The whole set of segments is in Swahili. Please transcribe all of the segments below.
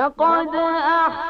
لقد أحسن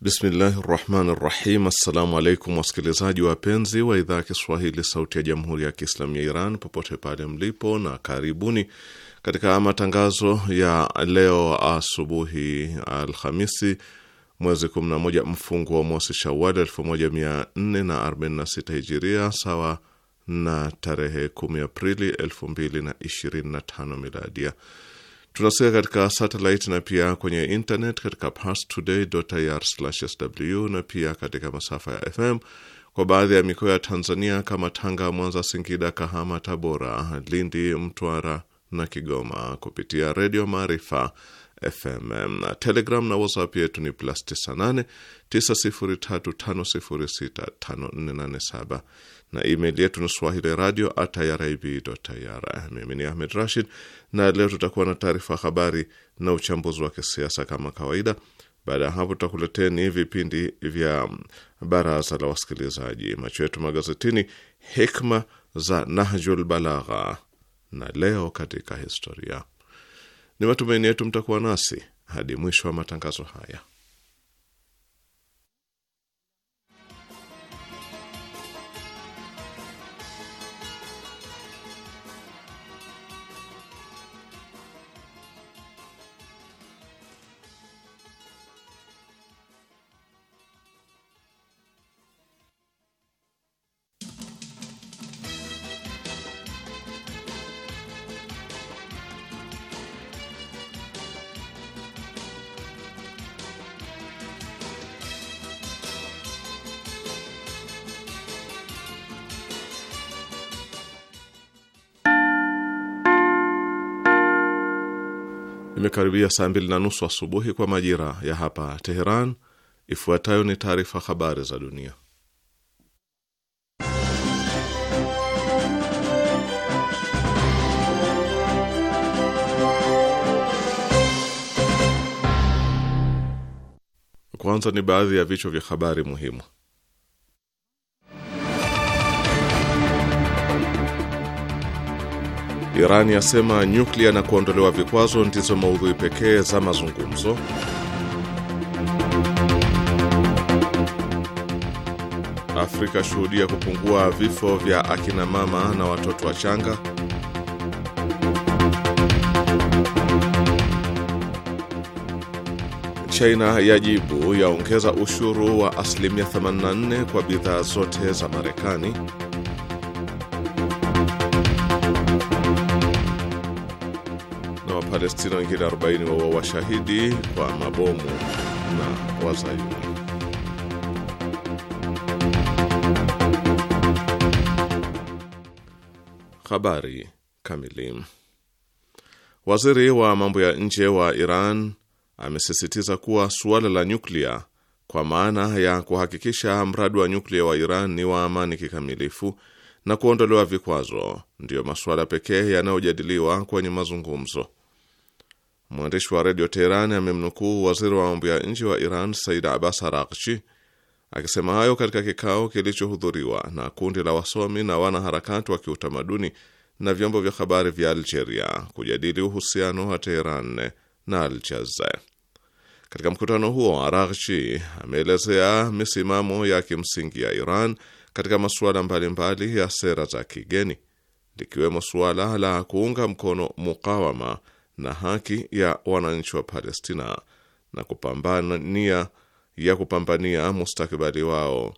Bismillahi rahmani rahim. Assalamu alaikum wasikilizaji wapenzi wa idhaa ya Kiswahili sauti ya jamhuri ya Kiislamu ya Iran popote pale mlipo, na karibuni katika matangazo ya leo asubuhi, Alhamisi mwezi 11 mfungu wa mosi shawal 1446 Hijiria, sawa na tarehe 10 Aprili 2025 Miladia. Tunasikia katika satellite na pia kwenye internet katika parstoday.ir/sw na pia katika masafa ya FM kwa baadhi ya mikoa ya Tanzania kama Tanga, Mwanza, Singida, Kahama, Tabora, Lindi, Mtwara na Kigoma kupitia Redio Maarifa FM. na Telegram na WhatsApp yetu ni plus 98 903 506 5487 na email yetu ni swahili radio iribr. Mimi ni Ahmed Rashid, na leo tutakuwa na taarifa habari na uchambuzi wa kisiasa kama kawaida. Baada ya hapo, tutakuleteni vipindi vya baraza la wasikilizaji, macho yetu magazetini, hikma za Nahjul Balagha na leo katika historia. Ni matumaini yetu mtakuwa nasi hadi mwisho wa matangazo haya. imekaribia saa mbili na nusu asubuhi kwa majira ya hapa Teheran. Ifuatayo ni taarifa habari za dunia. Kwanza ni baadhi ya vichwa vya habari muhimu. Iran yasema nyuklia na kuondolewa vikwazo ndizo maudhui pekee za mazungumzo. Afrika shuhudia kupungua vifo vya akina mama na watoto wachanga. China yajibu yaongeza ushuru wa asilimia 84 kwa bidhaa zote za Marekani. Palestina wengine 40 waua washahidi kwa mabomu na Wazayuni. Habari kamili. Waziri wa mambo ya nje wa Iran amesisitiza kuwa suala la nyuklia kwa maana ya kuhakikisha mradi wa nyuklia wa Iran ni wa amani kikamilifu na kuondolewa vikwazo ndiyo masuala pekee yanayojadiliwa kwenye mazungumzo. Mwandishi wa redio Teherani amemnukuu waziri wa mambo ya nje wa Iran Said Abbas Araghchi akisema hayo katika kikao kilichohudhuriwa na kundi la wasomi na wanaharakati wa kiutamaduni na vyombo vya habari vya Algeria kujadili uhusiano wa Teheran na aljaze Katika mkutano huo, Araghchi ameelezea misimamo ya kimsingi ya Iran katika masuala mbalimbali ya sera za kigeni likiwemo suala la kuunga mkono mukawama na haki ya wananchi wa Palestina na kupambania ya kupambania mustakabali wao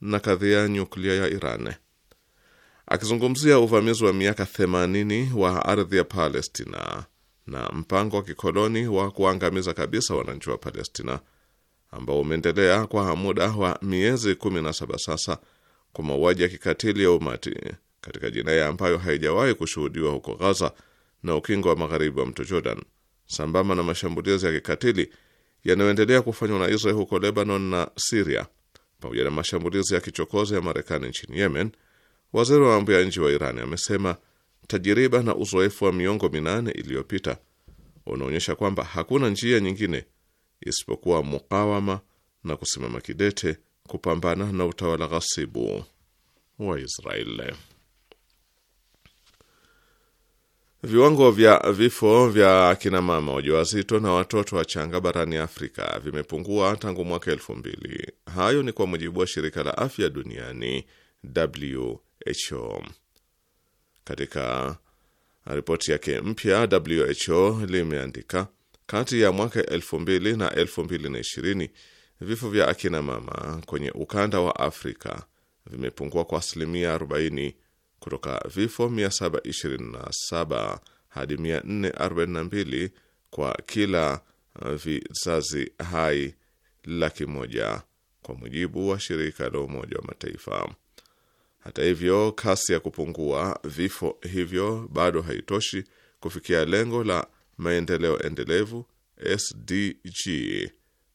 na kadhia ya nyuklia ya Iran. Akizungumzia uvamizi wa miaka 80 wa ardhi ya Palestina na mpango wa kikoloni wa kuangamiza kabisa wananchi wa Palestina ambao umeendelea kwa muda wa miezi 17 sasa, kwa mauaji ya kikatili ya umati katika jinai ambayo haijawahi kushuhudiwa huko Gaza na ukingo wa magharibi wa mto Jordan, sambamba na mashambulizi ya kikatili yanayoendelea kufanywa na Israel huko Lebanon na Siria, pamoja na mashambulizi ya kichokozi ya Marekani nchini Yemen, waziri wa mambo ya nje wa Iran amesema tajiriba na uzoefu wa miongo minane iliyopita unaonyesha kwamba hakuna njia nyingine isipokuwa mukawama na kusimama kidete kupambana na utawala ghasibu wa Israeli. Viwango vya vifo vya akina mama wajawazito na watoto wachanga barani Afrika vimepungua tangu mwaka elfu mbili. Hayo ni kwa mujibu wa shirika la afya duniani WHO. Katika ripoti yake mpya WHO limeandika kati ya mwaka elfu mbili na elfu mbili na ishirini vifo vya akina mama kwenye ukanda wa Afrika vimepungua kwa asilimia 40 kutoka vifo 727 hadi 442 kwa kila uh, vizazi hai laki moja kwa mujibu wa shirika la Umoja wa Mataifa. Hata hivyo, kasi ya kupungua vifo hivyo bado haitoshi kufikia lengo la maendeleo endelevu SDG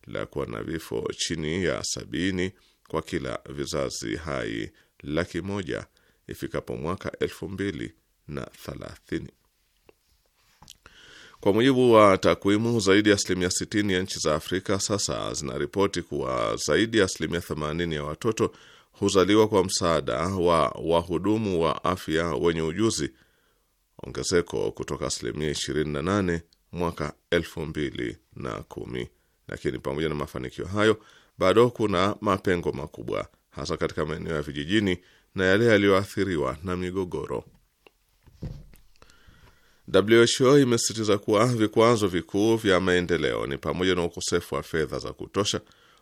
la kuwa na vifo chini ya sabini kwa kila vizazi hai laki moja ifikapo mwaka elfu mbili na Kwa mujibu wa takwimu, zaidi ya asilimia 60 ya nchi za Afrika sasa zinaripoti kuwa zaidi ya asilimia 80 ya watoto huzaliwa kwa msaada wa wahudumu wa afya wenye ujuzi, ongezeko kutoka asilimia 28 mwaka 2010. Lakini pamoja na mafanikio hayo, bado kuna mapengo makubwa, hasa katika maeneo ya vijijini na yale yaliyoathiriwa na migogoro. WHO imesisitiza kuwa vikwazo vikuu vya maendeleo ni pamoja na ukosefu wa fedha za kutosha,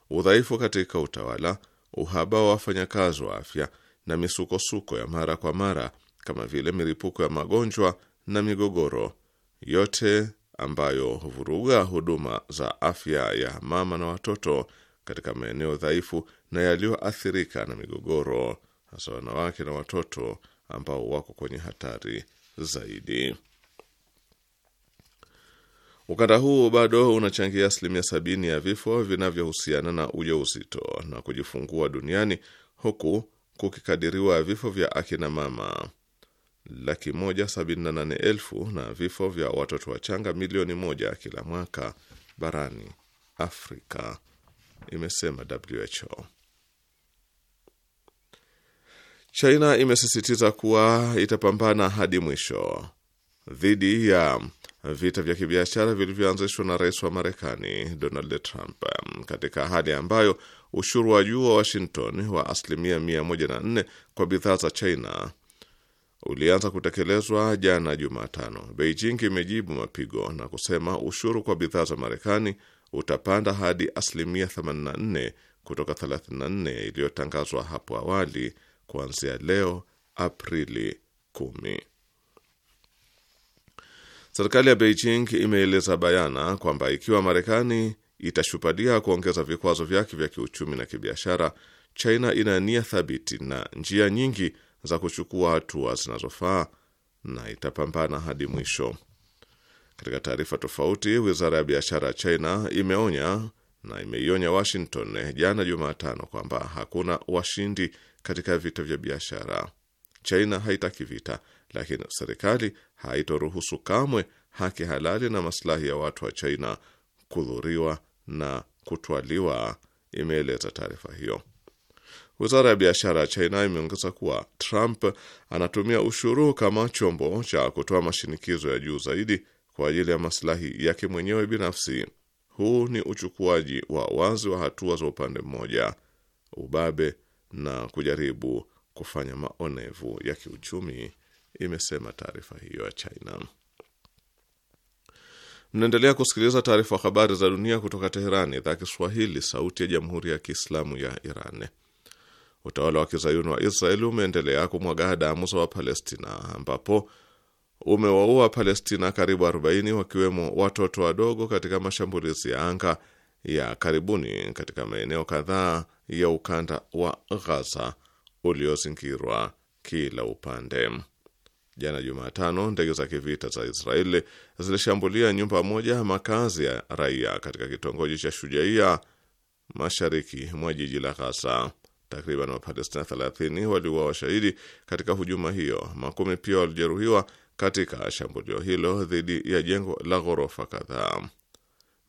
udhaifu katika utawala, uhaba wa wafanyakazi wa afya na misukosuko ya mara kwa mara kama vile milipuko ya magonjwa na migogoro, yote ambayo huvuruga huduma za afya ya mama na watoto katika maeneo dhaifu na yaliyoathirika na migogoro hasa wanawake na watoto ambao wako kwenye hatari zaidi. Ukanda huu bado unachangia asilimia sabini ya vifo vinavyohusiana na ujauzito na kujifungua duniani huku kukikadiriwa vifo vya akina mama laki moja sabini na nane elfu na vifo vya watoto wachanga milioni moja kila mwaka barani Afrika, imesema WHO. China imesisitiza kuwa itapambana hadi mwisho dhidi ya vita vya kibiashara vilivyoanzishwa na rais wa Marekani Donald Trump katika hali ambayo ushuru wa juu wa Washington wa asilimia 104 kwa bidhaa za China ulianza kutekelezwa jana Jumatano. Beijing imejibu mapigo na kusema ushuru kwa bidhaa za Marekani utapanda hadi asilimia 84 kutoka 34 iliyotangazwa hapo awali kuanzia leo Aprili kumi. Serikali ya Beijing imeeleza bayana kwamba ikiwa Marekani itashupalia kuongeza vikwazo vyake vya kiuchumi na kibiashara, China ina nia thabiti na njia nyingi za kuchukua hatua zinazofaa na itapambana hadi mwisho. Katika taarifa tofauti, wizara ya biashara ya China imeonya na imeionya Washington eh, jana Jumatano kwamba hakuna washindi katika vita vya biashara. China haitaki vita, lakini serikali haitoruhusu kamwe haki halali na maslahi ya watu wa China kudhuriwa na kutwaliwa, imeeleza taarifa hiyo. Wizara ya biashara ya China imeongeza kuwa Trump anatumia ushuru kama chombo cha kutoa mashinikizo ya juu zaidi kwa ajili ya maslahi yake mwenyewe binafsi. Huu ni uchukuaji wa wazi wa hatua za upande mmoja, ubabe na kujaribu kufanya maonevu ya kiuchumi, imesema taarifa hiyo ya China. Mnaendelea kusikiliza taarifa habari za dunia kutoka Teherani, idhaa Kiswahili, sauti ya jamhuri ya kiislamu ya Iran. Utawala wa kizayuni wa Israeli umeendelea kumwaga damu za Wapalestina ambapo umewaua Palestina karibu 40 wakiwemo watoto wadogo katika mashambulizi ya anga ya karibuni katika maeneo kadhaa ya ukanda wa Ghaza uliozingirwa kila upande. Jana Jumatano, ndege za kivita za Israeli zilishambulia nyumba moja makazi ya raia katika kitongoji cha Shujaia mashariki mwa jiji la Ghaza. Takriban Wapalestina 30 waliuawa washahidi katika hujuma hiyo, makumi pia walijeruhiwa katika shambulio hilo dhidi ya jengo la ghorofa kadhaa.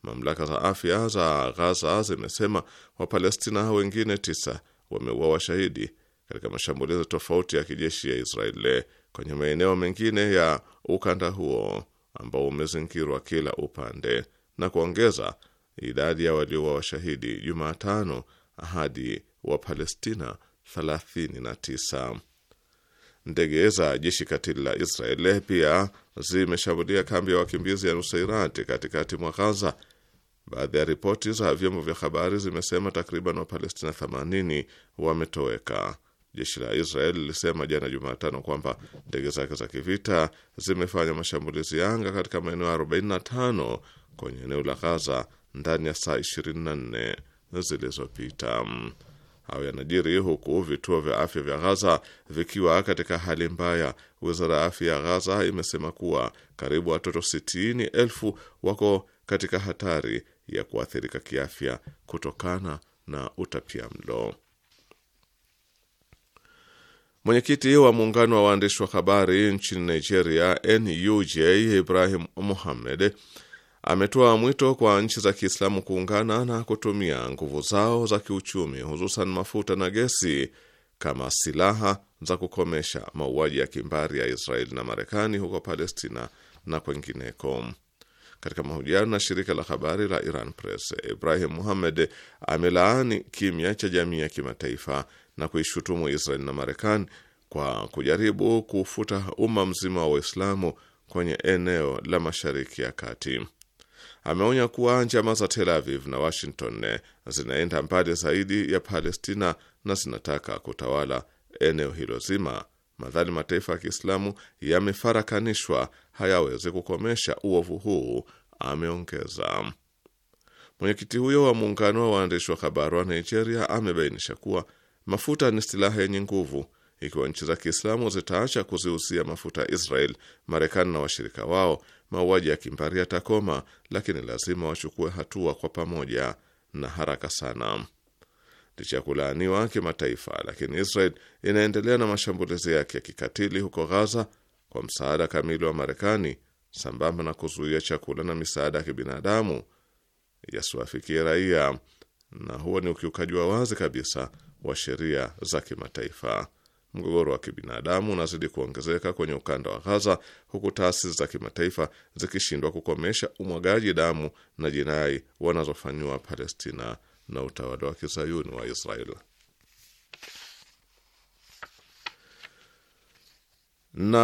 Mamlaka za afya za Ghaza zimesema Wapalestina wengine tisa wameua washahidi katika mashambulizi tofauti ya kijeshi ya Israeli kwenye maeneo mengine ya ukanda huo ambao umezingirwa kila upande na kuongeza idadi ya waliouawa washahidi Jumatano hadi Wapalestina 39. Ndege za jeshi katili la israel pia zimeshambulia kambi ya wakimbizi ya Nusairati katikati mwa Ghaza. Baadhi ya ripoti za vyombo vya habari zimesema takriban Wapalestina 80 wametoweka. Jeshi la Israel lilisema jana Jumatano kwamba ndege zake za kivita zimefanya mashambulizi ya anga katika maeneo 45 kwenye eneo la Ghaza ndani ya saa 24 zilizopita. Hayo yanajiri huku vituo vya afya vya Ghaza vikiwa katika hali mbaya. Wizara ya afya ya Ghaza imesema kuwa karibu watoto sitini elfu wako katika hatari ya kuathirika kiafya kutokana na utapia mlo. Mwenyekiti wa muungano wa waandishi wa habari nchini Nigeria NUJ Ibrahim muhammed ametoa mwito kwa nchi za Kiislamu kuungana na kutumia nguvu zao za kiuchumi, hususan mafuta na gesi, kama silaha za kukomesha mauaji ya kimbari ya Israeli na Marekani huko Palestina na kwengineko. Katika mahojiano na shirika la habari la Iran Press, Ibrahim Muhamed amelaani kimya cha jamii ya kimataifa na kuishutumu Israeli na Marekani kwa kujaribu kufuta umma mzima wa Waislamu kwenye eneo la Mashariki ya Kati ameonya kuwa njama za Tel Aviv na Washington zinaenda mbali zaidi ya Palestina na zinataka kutawala eneo hilo zima. Madhali mataifa ya Kiislamu yamefarakanishwa, hayawezi kukomesha uovu huu, ameongeza. Mwenyekiti huyo wa muungano wa waandishi wa habari wa Nigeria amebainisha kuwa mafuta ni silaha yenye nguvu. Ikiwa nchi za Kiislamu zitaacha kuziuzia mafuta Israel, Marekani na washirika wao mauaji ya kimbari yatakoma, lakini lazima wachukue hatua kwa pamoja na haraka sana. Licha ya kulaaniwa kimataifa, lakini Israel inaendelea na mashambulizi yake ya kikatili huko Ghaza kwa msaada kamili wa Marekani, sambamba na kuzuia chakula na misaada ya kibinadamu yasiwafikie raia, na huo ni ukiukaji wa wazi kabisa wa sheria za kimataifa. Mgogoro wa kibinadamu unazidi kuongezeka kwenye ukanda wa Ghaza, huku taasisi za kimataifa zikishindwa kukomesha umwagaji damu na jinai wanazofanyiwa Palestina na utawala wa kizayuni wa Israeli. na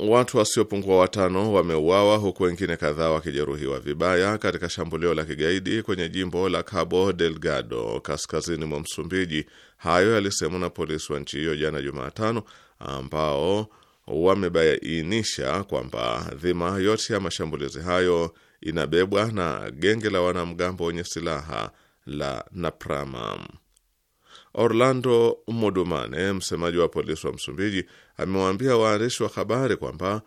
watu wasiopungua watano wameuawa huku wengine kadhaa wakijeruhiwa vibaya katika shambulio la kigaidi kwenye jimbo la Cabo Delgado kaskazini mwa Msumbiji. Hayo yalisemwa na polisi wa nchi hiyo jana Jumatano, ambao wamebainisha kwamba dhima yote ya mashambulizi hayo inabebwa na genge la wanamgambo wenye silaha la Naprama. Orlando Mudumane, msemaji wa polisi wa Msumbiji, amewaambia waandishi wa habari kwamba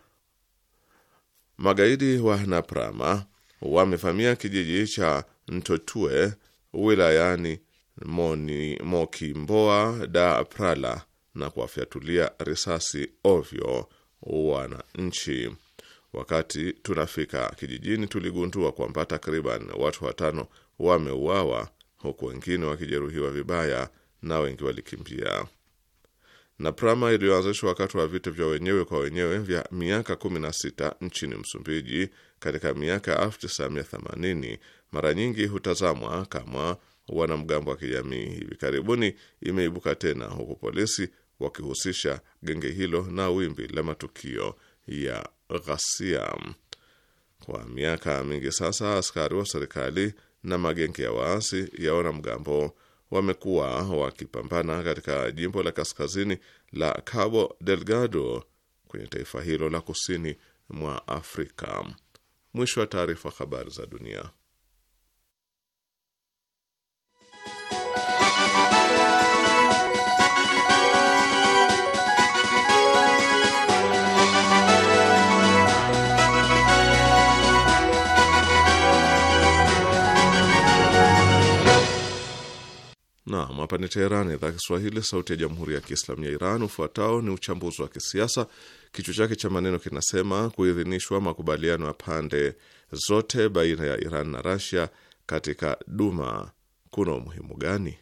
magaidi wa Naprama wamevamia kijiji cha Ntotue wilayani Moni, Mokimboa da Prala na kuwafyatulia risasi ovyo wananchi. Wakati tunafika kijijini, tuligundua kwamba takriban watu watano wameuawa huku wengine wakijeruhiwa vibaya na wengi walikimbia. Na prama iliyoanzishwa wakati wa vita vya wenyewe kwa wenyewe vya miaka 16 nchini Msumbiji katika miaka 1980 mara nyingi hutazamwa kama wanamgambo wa kijamii. Hivi karibuni imeibuka tena, huku polisi wakihusisha genge hilo na wimbi la matukio ya ghasia. Kwa miaka mingi sasa, askari wa serikali na magenge ya waasi ya wanamgambo wamekuwa wakipambana katika jimbo la kaskazini la Cabo Delgado kwenye taifa hilo la kusini mwa Afrika. Mwisho wa taarifa. Habari za dunia. Naam, hapa ni Teherani, idhaa Kiswahili, sauti ya jamhuri ya kiislamu ya Iran. Ufuatao ni uchambuzi wa kisiasa, kichwa chake cha maneno kinasema kuidhinishwa makubaliano ya pande zote baina ya Iran na Rasia katika Duma kuna umuhimu gani?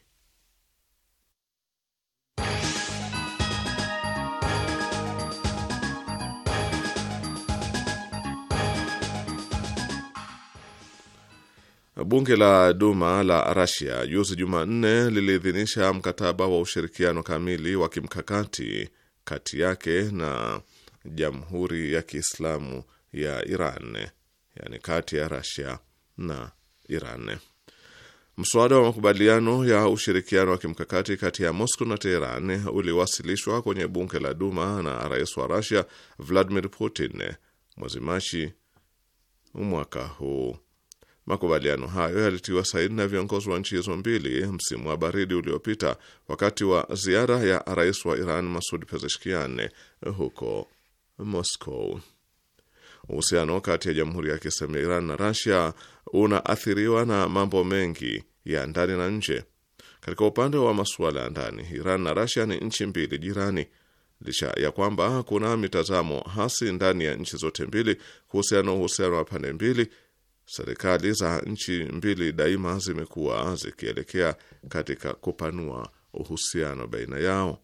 Bunge la Duma la Rasia juzi Jumanne liliidhinisha mkataba wa ushirikiano kamili wa kimkakati kati yake na Jamhuri ya Kiislamu ya Iran, yani kati ya Rasia na Iran. Mswada wa makubaliano ya ushirikiano wa kimkakati kati ya Moscow na Teheran uliwasilishwa kwenye bunge la Duma na rais wa Rusia Vladimir Putin mwezi Machi mwaka huu. Makubaliano hayo yalitiwa saini na viongozi wa nchi hizo mbili msimu wa baridi uliopita wakati wa ziara ya rais wa Iran Masud Pezeshkian huko Moscow. Uhusiano kati ya Jamhuri ya Kiislamu ya Iran na Rasia unaathiriwa na mambo mengi ya ndani na nje. Katika upande wa masuala ya ndani, Iran na Rasia ni nchi mbili jirani. Licha ya kwamba kuna mitazamo hasi ndani ya nchi zote mbili kuhusiana na uhusiano wa pande mbili Serikali za nchi mbili daima zimekuwa zikielekea katika kupanua uhusiano baina yao.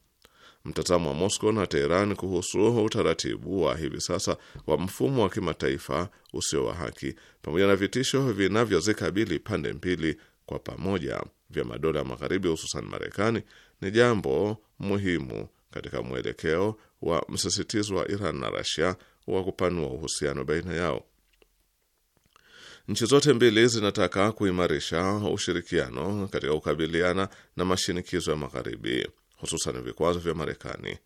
Mtazamo wa Moscow na Teheran kuhusu utaratibu wa hivi sasa wa mfumo wa kimataifa usio wa haki pamoja na vitisho vinavyozikabili pande mbili kwa pamoja vya madola ya Magharibi, hususan Marekani, ni jambo muhimu katika mwelekeo wa msisitizo wa Iran na Rasia wa kupanua uhusiano baina yao. Nchi zote mbili zinataka kuimarisha ushirikiano katika kukabiliana na mashinikizo ya Magharibi, hususan vikwazo vya Marekani.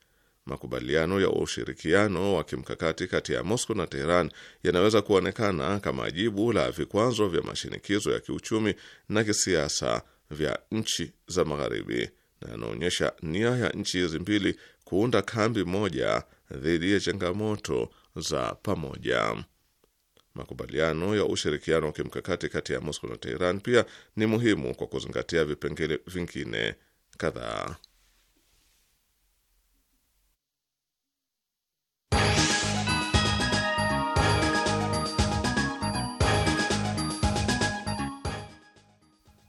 Makubaliano ya ushirikiano wa kimkakati kati ya Moscow na Teheran yanaweza kuonekana kama jibu la vikwazo vya mashinikizo ya kiuchumi na kisiasa vya nchi za Magharibi, na yanaonyesha nia ya nchi hizi mbili kuunda kambi moja dhidi ya changamoto za pamoja. Makubaliano ya ushirikiano wa kimkakati kati ya Moscow na Teheran pia ni muhimu kwa kuzingatia vipengele vingine kadhaa.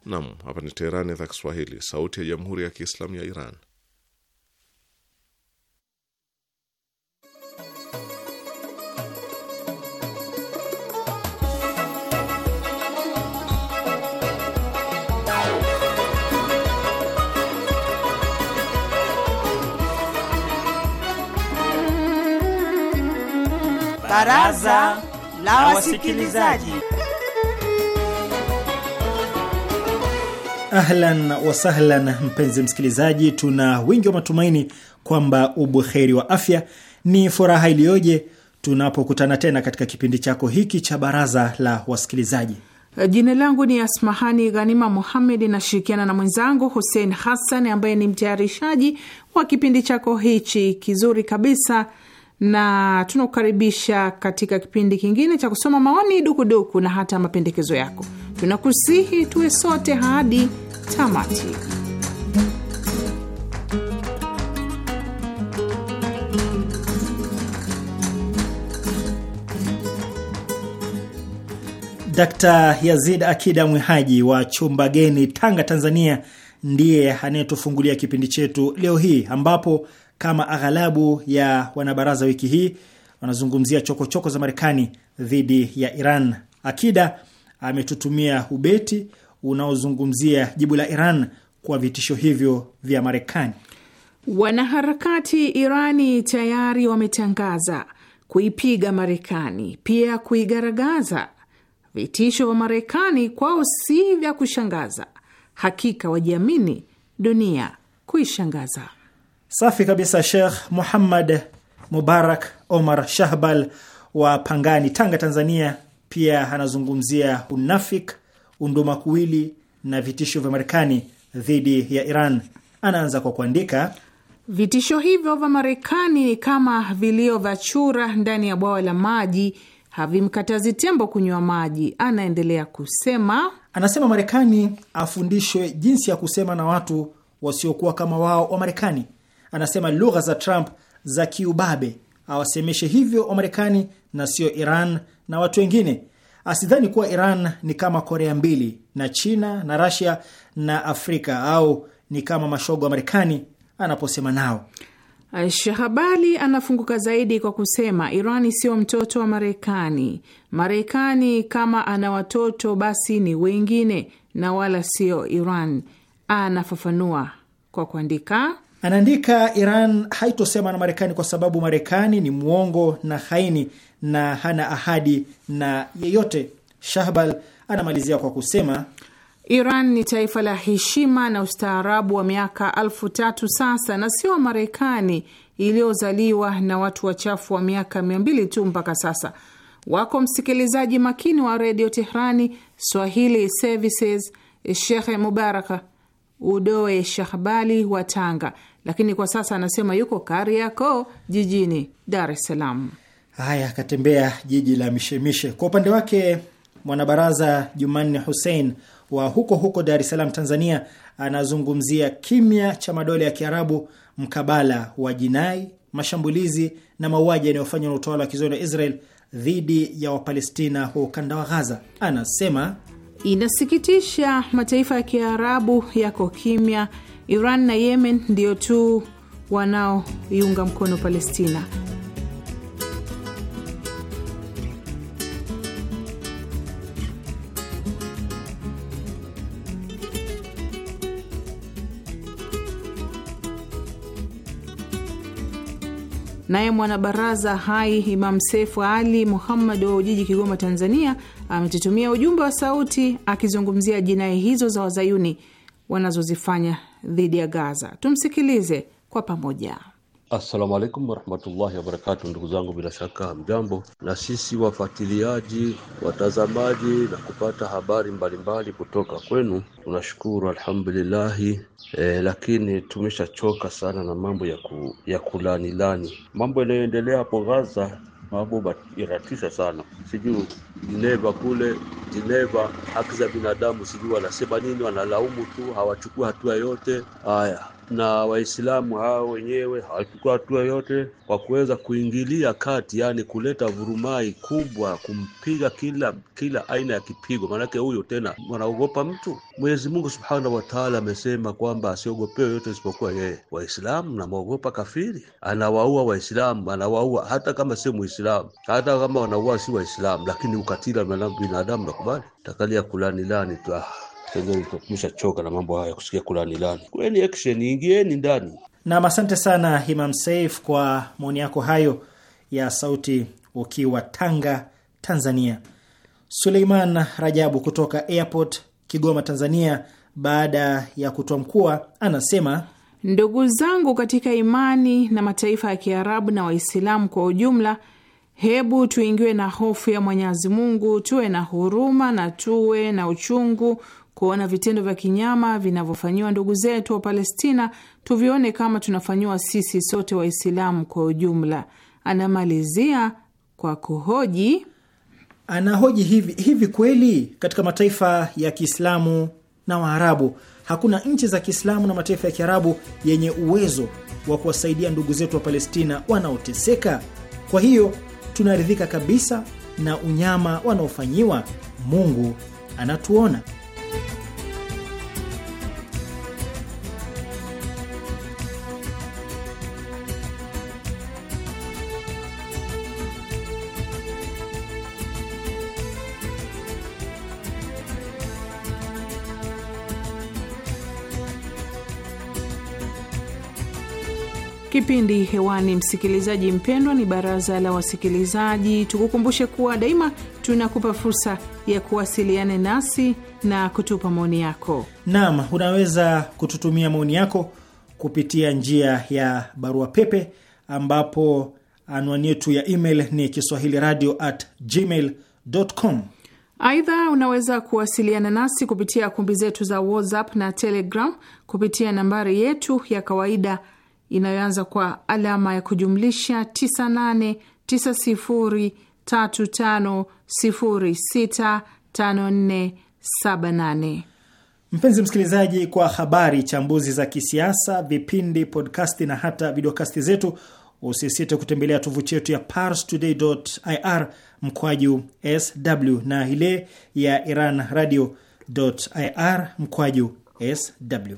Nam, hapa ni Teherani, idhaa Kiswahili, sauti ya jamhuri ya kiislamu ya Iran. Baraza la Wasikilizaji. Ahlan wasahlan, mpenzi msikilizaji, tuna wingi wa matumaini kwamba ubuheri wa afya. Ni furaha iliyoje tunapokutana tena katika kipindi chako hiki cha Baraza la Wasikilizaji. Jina langu ni Asmahani Ghanima Muhammed, nashirikiana na mwenzangu Hussein Hassan ambaye ni mtayarishaji wa kipindi chako hichi kizuri kabisa na tunakukaribisha katika kipindi kingine cha kusoma maoni, dukuduku na hata mapendekezo yako. Tunakusihi tuwe sote hadi tamati. Dakta Yazid Akida Mwihaji wa chumba geni Tanga, Tanzania, ndiye anayetufungulia kipindi chetu leo hii ambapo kama aghalabu ya wanabaraza wiki hii wanazungumzia chokochoko choko za Marekani dhidi ya Iran. Akida ametutumia ubeti unaozungumzia jibu la Iran kwa vitisho hivyo vya Marekani. Wanaharakati Irani tayari wametangaza kuipiga Marekani, pia kuigaragaza. Vitisho vya Marekani kwao si vya kushangaza, hakika wajiamini dunia kuishangaza. Safi kabisa, Sheikh Muhammad Mubarak Omar Shahbal wa Pangani, Tanga, Tanzania, pia anazungumzia unafik, unduma kuwili na vitisho vya Marekani dhidi ya Iran. Anaanza kwa kuandika vitisho hivyo vya Marekani ni kama vilio vya chura ndani ya bwawa la maji, havimkatazi tembo kunywa maji. Anaendelea kusema, anasema Marekani afundishwe jinsi ya kusema na watu wasiokuwa kama wao wa Marekani anasema lugha za Trump za kiubabe, awasemeshe hivyo Wamarekani na sio Iran na watu wengine. Asidhani kuwa Iran ni kama Korea mbili na China na Rasia na Afrika, au ni kama mashogo wa Marekani anaposema nao. Shahabali anafunguka zaidi kwa kusema iran sio mtoto wa Marekani. Marekani kama ana watoto basi ni wengine na wala sio Iran. Anafafanua kwa kuandika Anaandika, Iran haitosema na Marekani kwa sababu Marekani ni mwongo na haini na hana ahadi na yeyote. Shahbal anamalizia kwa kusema Iran ni taifa la heshima na ustaarabu wa miaka alfu tatu sasa, na sio Marekani iliyozaliwa na watu wachafu wa miaka mia mbili tu mpaka sasa. Wako msikilizaji makini wa redio Tehrani Swahili Services, Shekhe Mubaraka Udoe Shahbali wa Tanga lakini kwa sasa anasema yuko Kariakoo jijini Dar es Salaam. Haya, akatembea jiji la mishemishe. Kwa upande wake mwanabaraza Jumanne Hussein wa huko huko Dar es Salaam, Tanzania, anazungumzia kimya cha madola ya Kiarabu mkabala wa jinai, mashambulizi na mauaji yanayofanywa na utawala wa kizoni wa Israel dhidi ya Wapalestina wa ukanda wa Ghaza. Anasema inasikitisha, mataifa ya Kiarabu yako kimya Iran na Yemen ndio tu wanaoiunga mkono Palestina. Naye mwanabaraza hai Imam Sefu Ali Muhammad wa Ujiji, Kigoma, Tanzania, ametutumia ujumbe wa sauti akizungumzia jinai hizo za Wazayuni wanazozifanya dhidi ya Gaza. Tumsikilize kwa pamoja. Assalamu alaikum warahmatullahi wabarakatu, ndugu zangu, bila shaka mjambo, na sisi wafuatiliaji, watazamaji na kupata habari mbalimbali kutoka kwenu, tunashukuru alhamdulillahi. E, lakini tumeshachoka sana na mambo ya, ku, ya kulanilani mambo yanayoendelea hapo Gaza mambo iratisha sana, sijui Geneva kule Geneva, haki za binadamu sijui wanasema nini, wanalaumu tu, hawachukua hatua yote haya na Waislamu hao wenyewe hawachukua hatua yote kwa kuweza kuingilia kati, yani kuleta vurumai kubwa, kumpiga kila kila aina ya kipigo. Maanake huyo tena wanaogopa mtu. Mwenyezi Mungu Subhanahu wa Ta'ala amesema kwamba asiogopewe yote isipokuwa yeye. Waislamu namwogopa kafiri, anawaua Waislamu, anawaua hata kama si Muislamu, hata kama wanaua si Waislamu, lakini ukatili wa binadamu nakubali, takalia kulani lani tu. Ah pengine tumesha choka na mambo haya kusikia kulani lani. Kweni action, ingieni ndani. Nam, asante sana Imam Saif kwa maoni yako hayo ya sauti ukiwa Tanga, Tanzania. Suleiman Rajabu kutoka airport Kigoma, Tanzania, baada ya kutoa mkua, anasema ndugu zangu katika imani na mataifa ya Kiarabu na Waislamu kwa ujumla, hebu tuingiwe na hofu ya Mwenyezi Mungu, tuwe na huruma na tuwe na uchungu kuona vitendo vya kinyama vinavyofanyiwa ndugu zetu wa Palestina tuvione kama tunafanyiwa sisi sote Waislamu kwa ujumla. Anamalizia kwa kuhoji, anahoji hivi hivi, kweli katika mataifa ya Kiislamu na Waarabu hakuna nchi za Kiislamu na mataifa ya Kiarabu yenye uwezo wa kuwasaidia ndugu zetu wa Palestina wanaoteseka? Kwa hiyo tunaridhika kabisa na unyama wanaofanyiwa. Mungu anatuona. Kipindi hewani, msikilizaji mpendwa, ni baraza la wasikilizaji. Tukukumbushe kuwa daima tunakupa fursa ya kuwasiliana nasi na kutupa maoni yako. Naam, unaweza kututumia maoni yako kupitia njia ya barua pepe, ambapo anwani yetu ya email ni kiswahili radio at gmail com. Aidha, unaweza kuwasiliana nasi kupitia kumbi zetu za WhatsApp na Telegram kupitia nambari yetu ya kawaida inayoanza kwa alama ya kujumlisha 9890350654 78. Mpenzi msikilizaji, kwa habari, chambuzi za kisiasa, vipindi, podkasti na hata videokasti zetu, usisite kutembelea tovuti yetu ya parstoday.ir mkwaju sw na ile ya Iran radio ir mkwaju sw.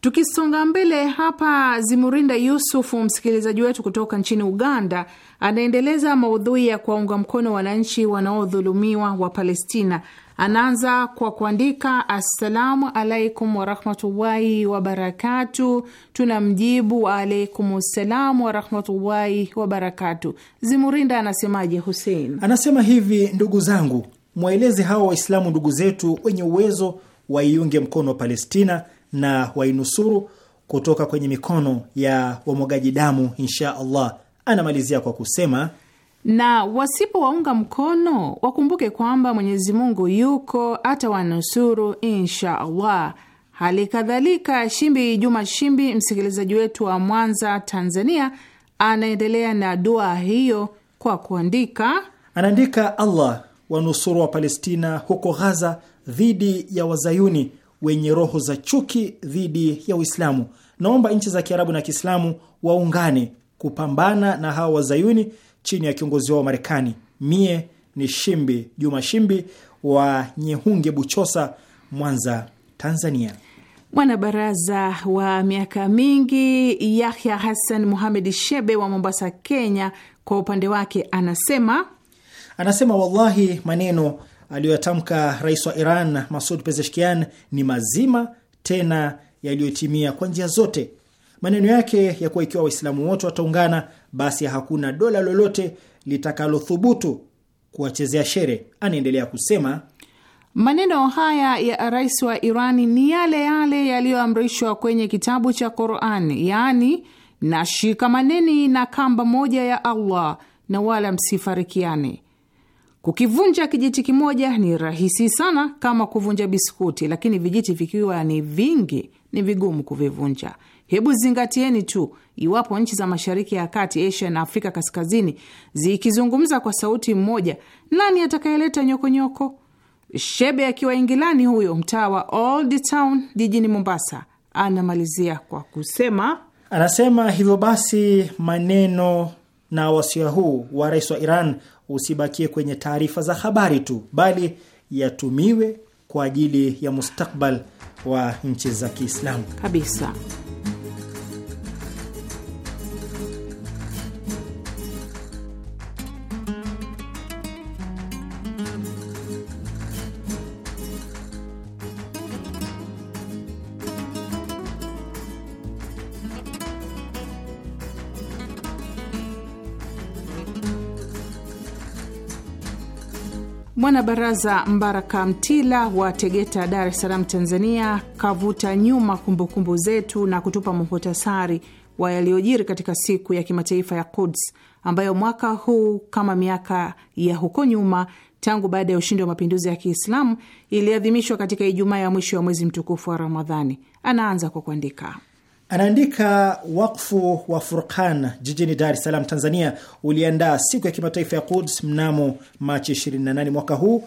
Tukisonga mbele hapa, Zimurinda Yusufu, msikilizaji wetu kutoka nchini Uganda, anaendeleza maudhui ya kuwaunga mkono wananchi wanaodhulumiwa wa Palestina Anaanza kwa kuandika assalamu alaikum warahmatullahi wabarakatu. mjibu waalaikum salam warahmatullahi wabarakatu. Zimurinda anasemaje? Husein anasema hivi: ndugu zangu, mwaeleze hawa Waislamu ndugu zetu wenye uwezo waiunge mkono wa Palestina na wainusuru kutoka kwenye mikono ya wamwagaji damu, insha Allah. Anamalizia kwa kusema na wasipowaunga mkono wakumbuke kwamba Mwenyezi Mungu yuko atawanusuru insha Allah. Hali kadhalika Shimbi Juma Shimbi, msikilizaji wetu wa Mwanza, Tanzania, anaendelea na dua hiyo kwa kuandika, anaandika: Allah wanusuru wa Palestina huko Ghaza dhidi ya wazayuni wenye roho za chuki dhidi ya Uislamu. Naomba nchi za Kiarabu na Kiislamu waungane kupambana na hawa wazayuni chini ya kiongozi wao wa Marekani. Mie ni Shimbi Juma Shimbi wa Nyehunge, Buchosa, Mwanza, Tanzania. Mwanabaraza wa miaka mingi Yahya Hassan Muhamed Shebe wa Mombasa, Kenya, kwa upande wake anasema anasema wallahi, maneno aliyoyatamka rais wa Iran Masud Pezeshkian ni mazima tena yaliyotimia kwa njia zote. Maneno yake ya kuwa ikiwa Waislamu wote wataungana basi hakuna dola lolote litakalothubutu kuwachezea shere. Anaendelea kusema maneno haya ya rais wa Irani ni yale yale yaliyoamrishwa kwenye kitabu cha Quran, yaani nashikamaneni na kamba moja ya Allah na wala msifarikiane. Kukivunja kijiti kimoja ni rahisi sana kama kuvunja biskuti, lakini vijiti vikiwa ni vingi ni vigumu kuvivunja. Hebu zingatieni tu, iwapo nchi za Mashariki ya Kati, Asia na Afrika Kaskazini zikizungumza kwa sauti mmoja, nani atakayeleta nyokonyoko? Shebe akiwa Ingilani, huyo mtaa wa Old Town jijini Mombasa, anamalizia kwa kusema, anasema hivyo basi maneno na wasia huu wa rais wa Iran usibakie kwenye taarifa za habari tu, bali yatumiwe kwa ajili ya mustakbal wa nchi za Kiislamu kabisa. Mwanabaraza Mbaraka Mtila wa Tegeta, Dar es Salaam, Tanzania, kavuta nyuma kumbukumbu kumbu zetu na kutupa muhtasari wa yaliyojiri katika siku ya kimataifa ya Quds ambayo mwaka huu kama miaka ya huko nyuma tangu baada ya ushindi wa mapinduzi ya Kiislamu iliadhimishwa katika Ijumaa ya mwisho wa mwezi mtukufu wa Ramadhani. Anaanza kwa kuandika Anaandika, wakfu wa Furqan jijini Dar es Salaam, Tanzania, uliandaa siku ya kimataifa ya Quds mnamo Machi 28 mwaka huu,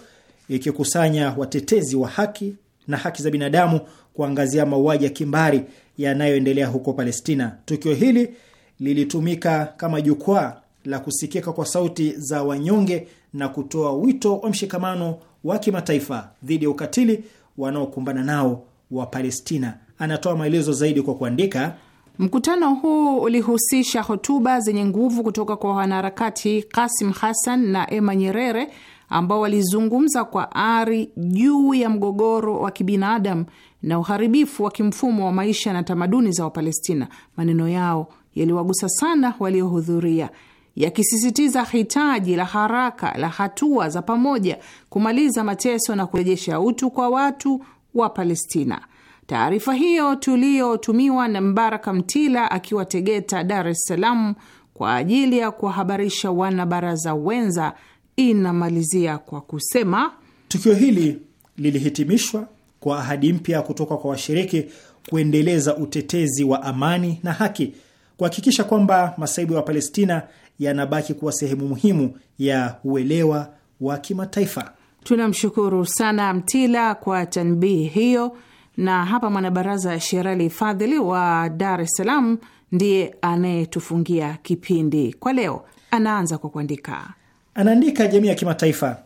ikikusanya watetezi wa haki na haki za binadamu kuangazia mauaji ya kimbari yanayoendelea huko Palestina. Tukio hili lilitumika kama jukwaa la kusikika kwa sauti za wanyonge na kutoa wito wa mshikamano wa kimataifa dhidi ya ukatili wanaokumbana nao wa Palestina anatoa maelezo zaidi kwa kuandika Mkutano huu ulihusisha hotuba zenye nguvu kutoka kwa wanaharakati Kasim Hassan na Emma Nyerere ambao walizungumza kwa ari juu ya mgogoro wa kibinadamu na uharibifu wa kimfumo wa maisha na tamaduni za Wapalestina. Maneno yao yaliwagusa sana waliohudhuria, yakisisitiza hitaji la haraka la hatua za pamoja kumaliza mateso na kurejesha utu kwa watu wa Palestina. Taarifa hiyo tuliyotumiwa na Mbaraka Mtila akiwa Tegeta, Dar es Salaam, kwa ajili ya kuwahabarisha wanabaraza wenza inamalizia kwa kusema tukio hili lilihitimishwa kwa ahadi mpya kutoka kwa washiriki kuendeleza utetezi wa amani na haki, kuhakikisha kwamba masaibu ya Palestina yanabaki kuwa sehemu muhimu ya uelewa wa kimataifa. Tunamshukuru sana Mtila kwa tanbihi hiyo na hapa mwanabaraza Sherali Fadhili wa Dar es Salaam ndiye anayetufungia kipindi kwa leo. Anaanza kwa kuandika, anaandika: jamii ya kimataifa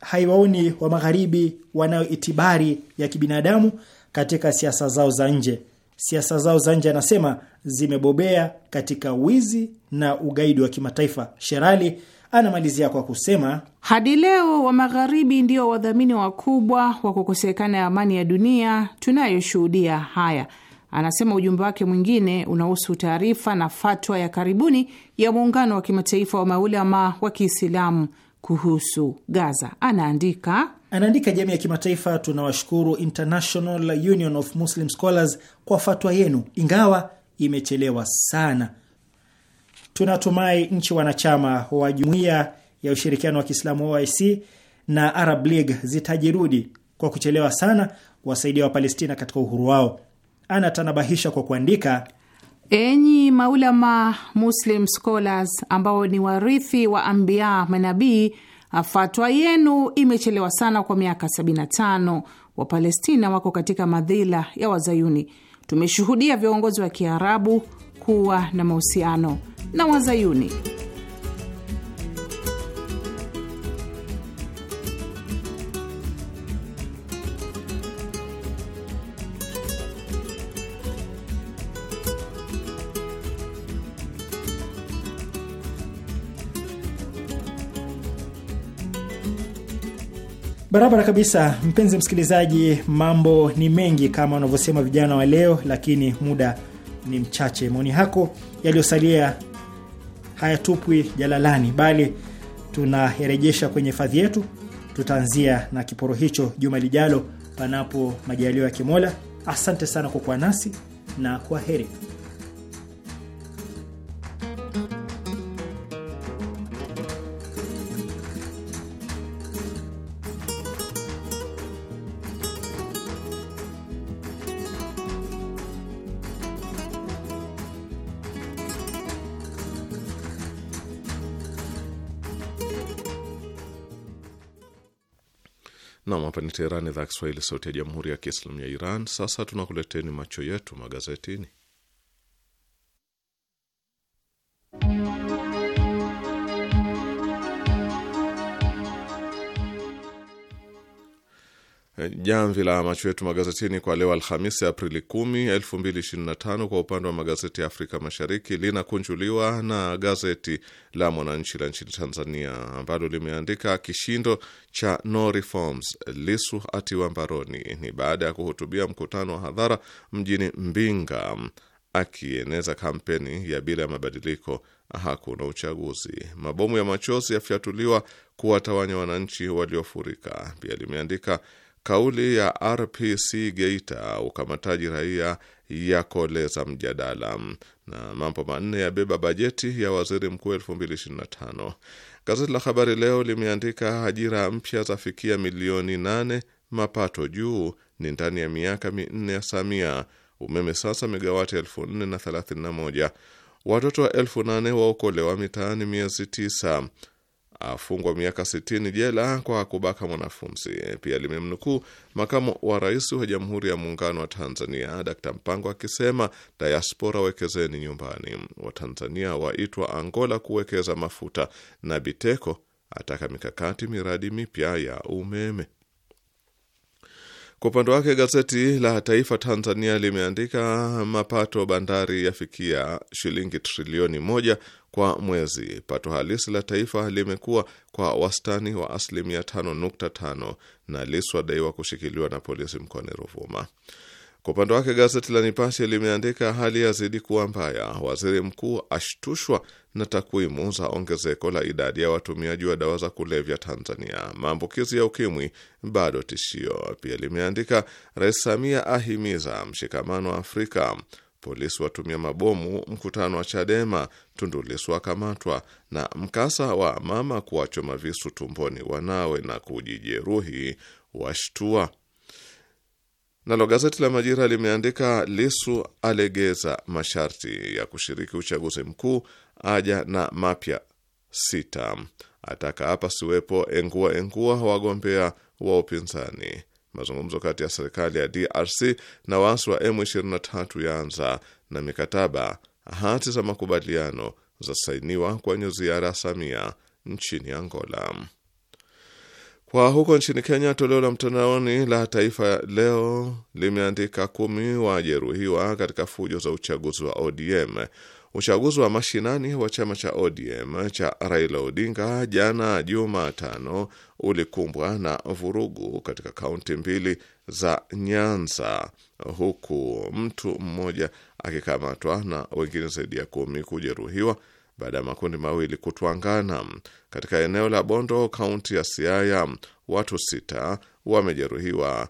haiwaoni wa magharibi wanayo itibari ya kibinadamu katika siasa zao za nje. Siasa zao za nje, anasema, zimebobea katika wizi na ugaidi wa kimataifa. Sherali Anamalizia kwa kusema hadi leo wa Magharibi ndio wadhamini wakubwa wa kukosekana ya amani ya dunia tunayoshuhudia. Haya, anasema ujumbe wake mwingine unahusu taarifa na fatwa ya karibuni ya muungano wa kimataifa wa maulama wa Kiislamu kuhusu Gaza. Anaandika anaandika jamii ya kimataifa, tunawashukuru International Union of Muslim Scholars kwa fatwa yenu, ingawa imechelewa sana Tunatumai nchi wanachama wa Jumuiya ya Ushirikiano wa Kiislamu OIC na Arab League zitajirudi kwa kuchelewa sana kuwasaidia Wapalestina katika uhuru wao. Anatanabahisha kwa kuandika Enyi maulama Muslim scholars ambao ni warithi wa ambia manabii, fatwa yenu imechelewa sana kwa miaka 75. Wapalestina wako katika madhila ya Wazayuni. Tumeshuhudia viongozi wa Kiarabu kuwa na mahusiano na Wazayuni. Barabara kabisa, mpenzi msikilizaji, mambo ni mengi kama wanavyosema vijana wa leo, lakini muda ni mchache. Maoni yako yaliyosalia hayatupwi jalalani, bali tunayarejesha kwenye hifadhi yetu. Tutaanzia na kiporo hicho juma lijalo, panapo majaliwa ya Kimola. Asante sana kwa kuwa nasi na kwa heri. ni Teherani, idhaa ya Kiswahili, sauti ya jamhuri ya kiislamu ya Iran. Sasa tunakuleteni macho yetu magazetini. Eh, jamvi la macho yetu magazetini kwa leo Alhamisi, Aprili 10, 2025. Kwa upande wa magazeti ya Afrika Mashariki linakunjuliwa na gazeti la Mwananchi la nchini Tanzania ambalo limeandika kishindo cha no reforms, Lisu atiwa mbaroni. Ni baada ya kuhutubia mkutano wa hadhara mjini Mbinga akieneza kampeni ya bila ya mabadiliko hakuna uchaguzi. Mabomu ya machozi yafyatuliwa kuwatawanya wananchi waliofurika. Pia limeandika Kauli ya RPC Geita, ukamataji raia yakoleza mjadala, na mambo manne yabeba bajeti ya waziri mkuu 2025. Gazeti la Habari Leo limeandika ajira mpya zafikia milioni nane, mapato juu ni ndani ya miaka minne ya Samia. Umeme sasa megawati 4031, watoto wa elfu nane waokolewa mitaani miezi tisa afungwa miaka 60 jela kwa kubaka mwanafunzi. Pia limemnukuu makamu wa rais wa Jamhuri ya Muungano wa Tanzania Dkt. Mpango akisema diaspora wekezeni nyumbani, Watanzania waitwa Angola kuwekeza mafuta, na Biteko ataka mikakati miradi mipya ya umeme. Kwa upande wake gazeti la Taifa Tanzania limeandika mapato bandari yafikia shilingi trilioni moja kwa mwezi, pato halisi la taifa limekuwa kwa wastani wa asilimia 5.5 na Lissu adaiwa kushikiliwa na polisi mkoani Ruvuma. Kwa upande wake gazeti la Nipashe limeandika hali yazidi kuwa mbaya, waziri mkuu ashtushwa na takwimu za ongezeko la idadi ya watumiaji wa dawa za kulevya Tanzania. Maambukizi ya ukimwi bado tishio. Pia limeandika Rais Samia ahimiza mshikamano wa Afrika, polisi watumia mabomu mkutano wa Chadema, Tundu Lissu akamatwa, na mkasa wa mama kuwachoma visu tumboni wanawe na kujijeruhi washtua. Nalo gazeti la Majira limeandika Lissu alegeza masharti ya kushiriki uchaguzi mkuu, aja na mapya sita, ataka hapa siwepo engua engua wagombea wa upinzani Mazungumzo kati ya serikali ya DRC na waasi wa M23 yaanza na mikataba hati za makubaliano zasainiwa kwenye ziara ya Samia nchini Angola. Kwa huko nchini Kenya, toleo la mtandaoni la Taifa Leo limeandika kumi wajeruhiwa katika fujo za uchaguzi wa ODM Uchaguzi wa mashinani wa chama cha ODM cha Raila Odinga jana Jumatano ulikumbwa na vurugu katika kaunti mbili za Nyanza, huku mtu mmoja akikamatwa na wengine zaidi ya kumi kujeruhiwa baada ya makundi mawili kutwangana. Katika eneo la Bondo, kaunti ya Siaya, watu sita wamejeruhiwa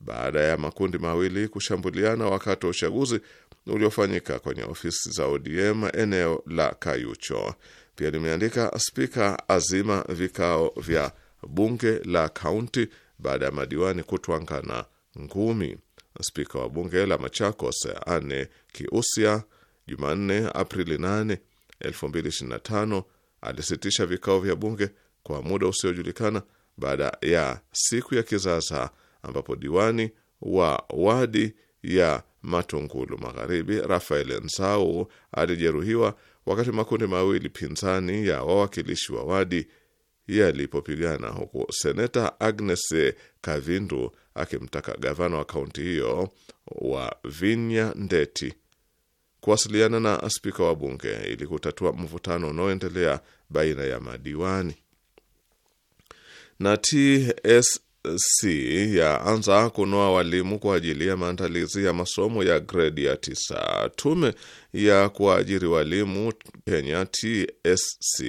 baada ya makundi mawili kushambuliana wakati wa uchaguzi uliofanyika kwenye ofisi za ODM eneo la Kayucho. Pia limeandika spika azima vikao vya bunge la kaunti baada ya madiwani kutwangana ngumi. Spika wa bunge la Machakos Anne Kiusia Jumanne Aprili 8, 2025 alisitisha vikao vya bunge kwa muda usiojulikana baada ya siku ya kizaza ambapo diwani wa wadi ya Matungulu Magharibi, Rafael Nsau alijeruhiwa wakati makundi mawili pinzani ya wawakilishi wa wadi yalipopigana, huku seneta Agnes Kavindu akimtaka gavana wa kaunti hiyo wa Vinya Ndeti kuwasiliana na spika wa bunge ili kutatua mvutano unaoendelea baina ya madiwani. Na ts C yaanza kunoa walimu kwa ajili ya maandalizi ya masomo ya gredi ya tisa. Tume ya kuajiri walimu Kenya TSC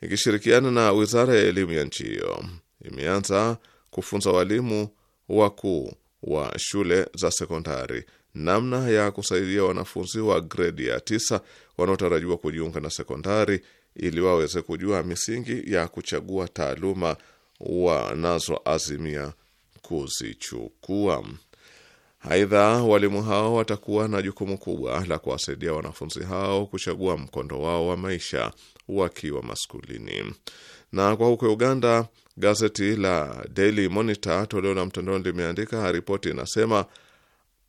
ikishirikiana na wizara ya elimu ya nchi hiyo imeanza kufunza walimu wakuu wa shule za sekondari namna ya kusaidia wanafunzi wa gredi ya tisa wanaotarajiwa kujiunga na sekondari ili waweze kujua misingi ya kuchagua taaluma wanazoazimia kuzichukua. Aidha, walimu hao watakuwa na jukumu kubwa la kuwasaidia wanafunzi hao kuchagua mkondo wao wa maisha wakiwa maskulini. Na kwa huko Uganda, gazeti la Daily Monitor toleo la mtandaoni limeandika ripoti inasema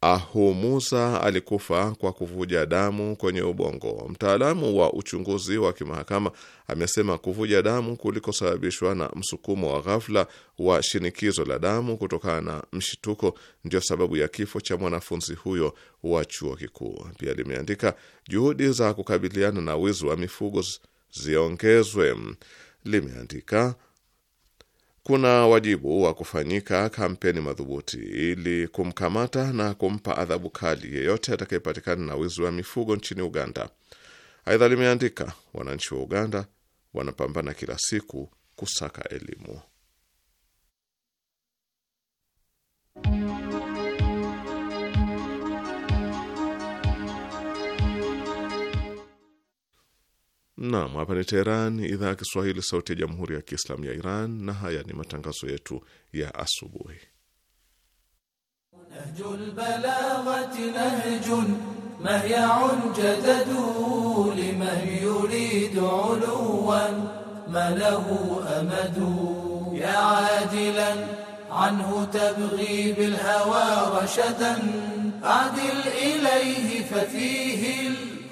Ahumusa alikufa kwa kuvuja damu kwenye ubongo. Mtaalamu wa uchunguzi wa kimahakama amesema kuvuja damu kulikosababishwa na msukumo wa ghafla wa shinikizo la damu kutokana na mshituko ndio sababu ya kifo cha mwanafunzi huyo wa chuo kikuu. Pia limeandika juhudi za kukabiliana na wizi wa mifugo ziongezwe. Limeandika kuna wajibu wa kufanyika kampeni madhubuti ili kumkamata na kumpa adhabu kali yeyote atakayepatikana na wizi wa mifugo nchini Uganda. Aidha limeandika wananchi wa Uganda wanapambana kila siku kusaka elimu. Naam, hapa ni Teheran, idhaa ya Kiswahili, sauti ya jamhuri ya kiislamu ya Iran, na haya ni matangazo yetu ya asubuhi.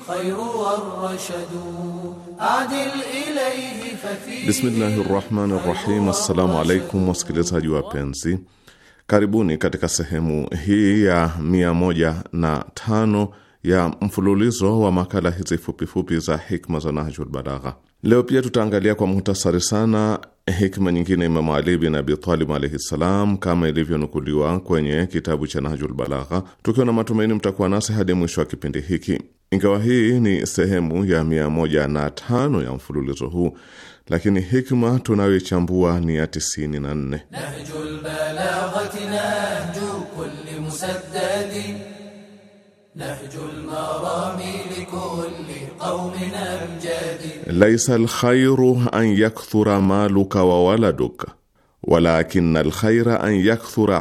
خير والرشد عدل Bismillahi rahmani rahim. Assalamu alaikum wasikilizaji wapenzi, karibuni katika sehemu hii ya mia moja na tano ya mfululizo wa makala hizi fupifupi za hikma za Nahjul Balagha. Leo pia tutaangalia kwa muhtasari sana hikma nyingine Imamu Ali bin Abi Talib alaihi ssalam, kama ilivyonukuliwa kwenye kitabu cha Nahjul Balagha, tukiwa na matumaini mtakuwa nasi hadi mwisho wa kipindi hiki. Ingawa hii ni sehemu ya mia moja na tano ya mfululizo huu, lakini hikma tunayoichambua ni ya tisini na nne. Nahjul Balagha, nahju kulli laisa lkhairu an قوم maluka ليس الخير أن يكثر مالك وولدك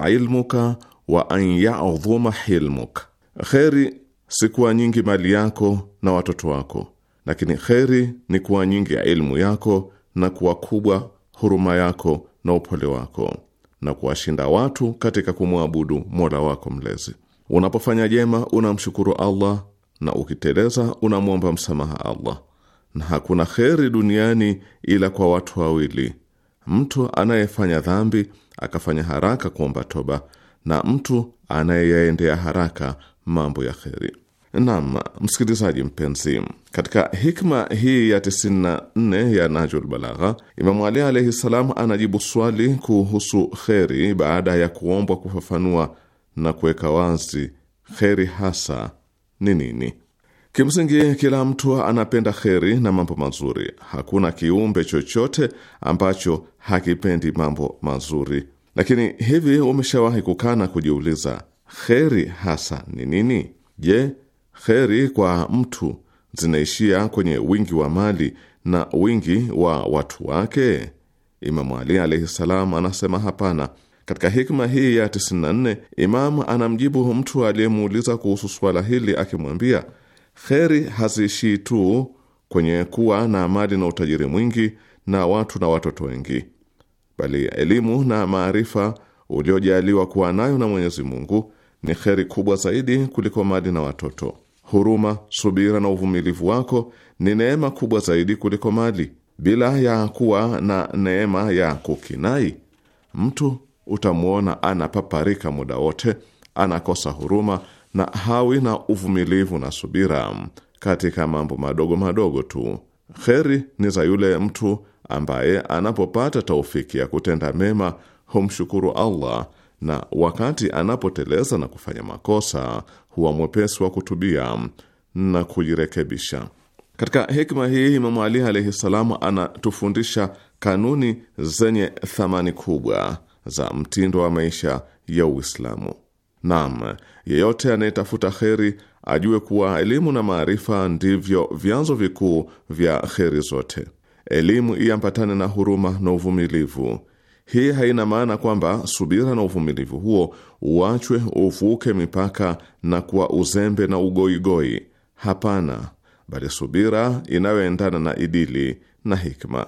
ilmuka wa an ya'dhuma hilmuk, kheri si kuwa nyingi mali yako na watoto wako, lakini kheri ni kuwa nyingi ilmu yako na kuwa kubwa huruma yako na upole wako na kuwashinda watu katika kumwabudu mola wako mlezi. Unapofanya jema unamshukuru Allah, na ukiteleza unamwomba msamaha Allah. Na hakuna kheri duniani ila kwa watu wawili, mtu anayefanya dhambi akafanya haraka kuomba toba na mtu anayeyaendea haraka mambo ya kheri. Naam, msikilizaji mpenzi, katika hikma hii ya 94 ya Najul Balagha, Imamu Ali alaihi salam anajibu swali kuhusu kheri baada ya kuombwa kufafanua na kuweka wazi kheri hasa ni nini. Kimsingi, kila mtu anapenda kheri na mambo mazuri. Hakuna kiumbe chochote ambacho hakipendi mambo mazuri. Lakini hivi, umeshawahi kukaa na kujiuliza kheri hasa ni nini? Je, kheri kwa mtu zinaishia kwenye wingi wa mali na wingi wa watu wake? Imamu Ali alaihi salam anasema hapana. Katika hikma hii ya 94 imamu anamjibu mtu aliyemuuliza kuhusu suala hili akimwambia, kheri haziishii tu kwenye kuwa na mali na utajiri mwingi na watu na watoto wengi, bali elimu na maarifa uliojaliwa kuwa nayo na Mwenyezi Mungu ni kheri kubwa zaidi kuliko mali na watoto. Huruma, subira na uvumilivu wako ni neema kubwa zaidi kuliko mali. Bila ya kuwa na neema ya kukinai, mtu utamwona anapaparika muda wote, anakosa huruma na hawi na uvumilivu na subira katika mambo madogo madogo tu. Kheri ni za yule mtu ambaye anapopata taufiki ya kutenda mema humshukuru Allah, na wakati anapoteleza na kufanya makosa huwa mwepesi wa kutubia na kujirekebisha. Katika hikma hii Imamu Ali alaihi salamu anatufundisha kanuni zenye thamani kubwa za mtindo wa maisha ya Uislamu. Naam, yeyote anayetafuta kheri ajue kuwa elimu na maarifa ndivyo vyanzo vikuu vya kheri zote. Elimu iambatane na huruma na uvumilivu. Hii haina maana kwamba subira na uvumilivu huo uachwe uvuke mipaka na kuwa uzembe na ugoigoi. Hapana, bali subira inayoendana na idili na hikma.